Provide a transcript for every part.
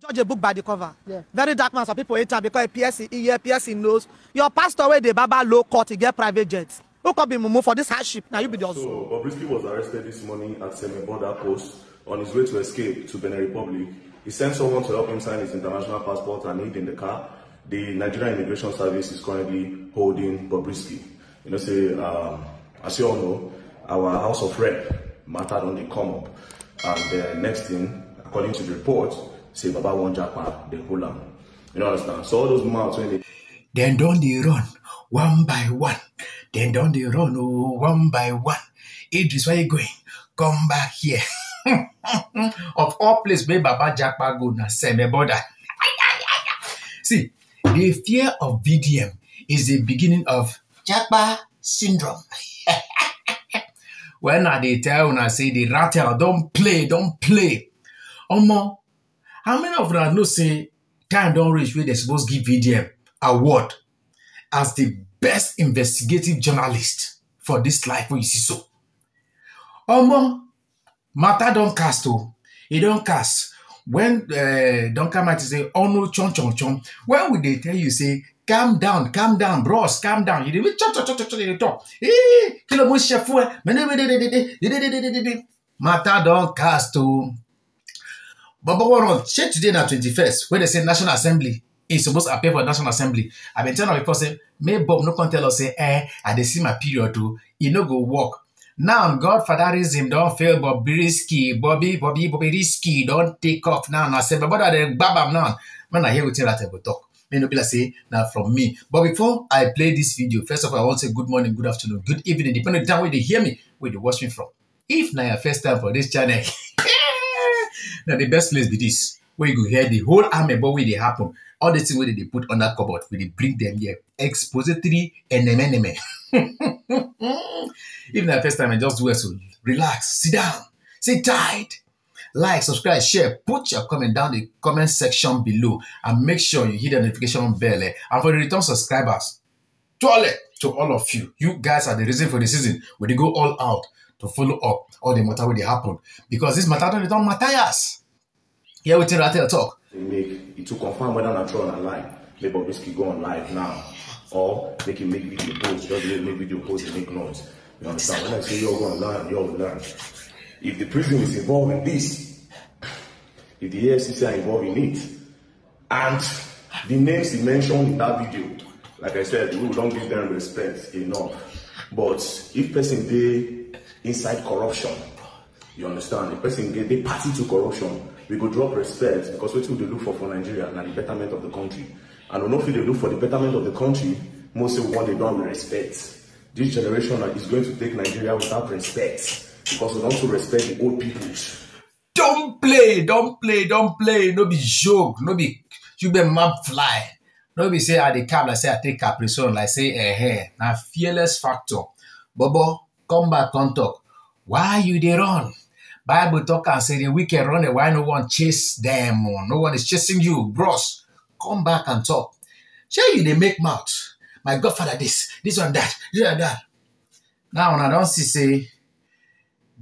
judge a book by the cover. Yeah. Very dark man, some people hate am because PSC ear, PSC knows Your pastor wey The baba low court, he get private jets. Who could be mumu for this hardship? Now you be the also. So, Bobrisky was arrested this morning at Semi Border Post on his way to escape to Benin Republic. He sent someone to help him sign his international passport and hid in the car. The Nigerian Immigration Service is currently holding Bobrisky. You know, say, um, as you all know, our House of Rep mattered on the come up. And the uh, next thing, according to the report, say baba wan japa dem hold am you know understand so all those mouths when they then don't they run one by one Then don't they run oh one by one idris where you going come back here of all places, wey baba japa go na seme border see the fear of vdm is the beginning of japa syndrome. when i tell tell I say the rattle don't play don't play omo how many of una know say time don reach wey dem suppose give vdm e award as the best investigative journalist for this life wey you see so omo matter don't cast o It e don't cast when uh, don come out say "Oh no, chon chon chon." when we they tell you say calm down calm down bros calm down you dey be chọn chọn chọn chọn you dey talk ee kí ló mú ṣe fún ẹ mẹ ní bẹ dẹdẹdẹdẹ dẹdẹdẹdẹdẹ matter don cast o But but what on? check today na 21st, where they say National Assembly is supposed to appear for National Assembly. I've been telling people say, may Bob no can tell us say, eh, I dey see my period too. Oh. E no go work. Now God for that reason don't fail Bobrisky, Bobby, Bobby, Bobby Risky don't take off now. Now say, but brother, they babam now. When I hear with wetin Rattle go talk. may no be like say now from me. But before I play this video, first of all, I want to say good morning, good afternoon, good evening, depending on the time where they hear me, where they watch me from. If now your first time for this channel, Now, the best place be this, where you go hear the whole army, but where they happen, all the things where they put under cupboard, we they bring them here, expository eneme eneme. Even the first time I just do it, so relax, sit down, sit tight. Like, subscribe, share, put your comment down the comment section below and make sure you hit the notification bell. Eh? And for the return subscribers, toilet to all of you. You guys are the reason for the season. We go all out to follow up all the matter wey they happen because this matter don dey turn matthias hear wetin ratel talk. they make it to confirm whether na true or na lie make bobrisky go on live now or make him make video posts, just make video posts and make noise you understand when i say you're going to learn, you're going to learn. if the prison is involved in this if the efcc are involved in it and the names he mentioned in that video like i said we don't give them respect enough but if person they inside corruption. You understand? The person get the party to corruption. We go drop respect because what we they look for for Nigeria and the betterment of the country. And we no fit dey look for the betterment of the country, most say we wan dey do respect. This generation is going to take Nigeria without respect because we don too respect the old people. Don't play, don't play, don't play. No be joke, no be You be map fly. No be say at the cab like say I take Capri Sun like say eh eh. Na fearless factor. Bobo come back come talk why you there? run bible talk and say the wicked run away no one chase them? Oh? no one is chasing you bros come back and talk shey you They make mouth my godfather this this one that this one that now when I don't see say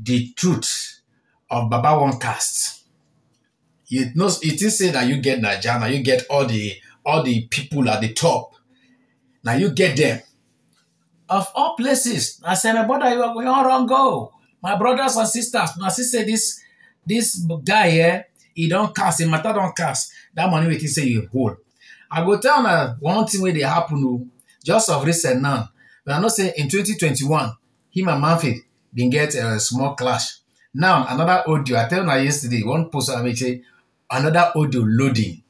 the truth of baba one cast It knows. It is say that you get Najana. you get all the all the people at the top Now you get them of all places. I said, my brother, you are going wrong go. My brothers and sisters, my sister, this this guy here, eh, he don't cast, him matter don't cast. That money we can say you hold. I go tell now one thing where they happen, oh, just of recent now. But I know say in 2021, him and Manfred been get a small clash. Now, another audio, I tell you yesterday, one post I make say, another audio loading.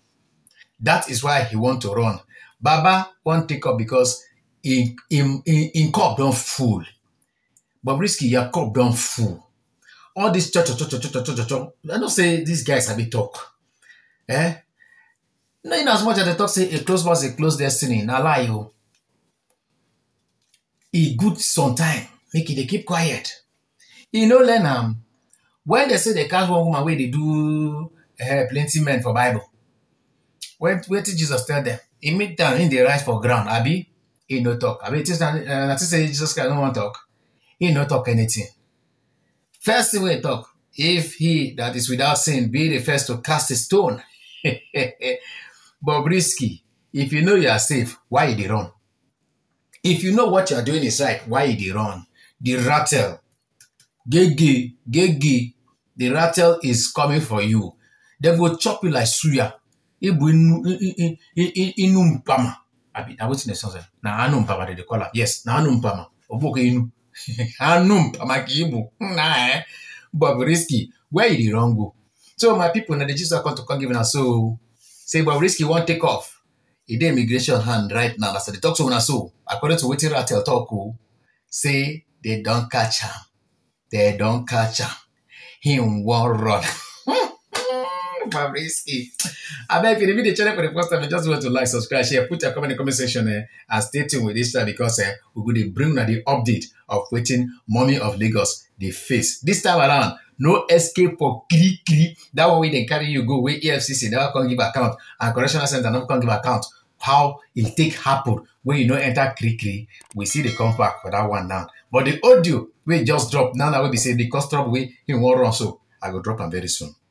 That is why he want to run. Baba won't take up because in, in, in, in cup don't fool, but Bobrisky, your cup don't fool. All this church, church, church, church, church, church. I don't say these guys have a talk. Eh? Not in as much as they talk say a close was a close destiny. Now lie you. Oh. he good sometime. Make it they keep quiet. You know, learn um, when they say they catch one woman where they do uh, plenty men for Bible. Where where did Jesus tell them? He meet them in the rise for ground, Abby he no talk. I mean, it is not, uh, say Jesus Christ no one talk. He no talk anything. First thing we talk, if he that is without sin be the first to cast a stone. but risky, if you know you are safe, why did run? If you know what you are doing is right, why did run? The rattle, gege, gege, the rattle is coming for you. They will chop you like suya. Ibu abi na wetin dey sunsel na anu mpama dey dey call am yes na anu mpama oboke inu anu mpama ka igbo na eh bob risky where you dey run go so my people na the jesus come to come give una so say bob risky wan take off e dey immigration hand right now as i dey talk to una so according to wetin ratel talk o oh, say they don catch am they don catch am him wan run. Fabriski. I bet if you need the channel for the first time, just want to like, subscribe, share, put your comment in the comment section eh, and stay tuned with this time because eh, we're going to bring the update of waiting Mommy of Lagos, the face. This time around, no escape for kri kri. That one we then carry you go where EFCC never can give account and correctional center never can give account. How it take happen when you know enter kri kri. We see the comeback for that one now. But the audio we just dropped now, That will be say because trouble we in one run so. I will drop them very soon.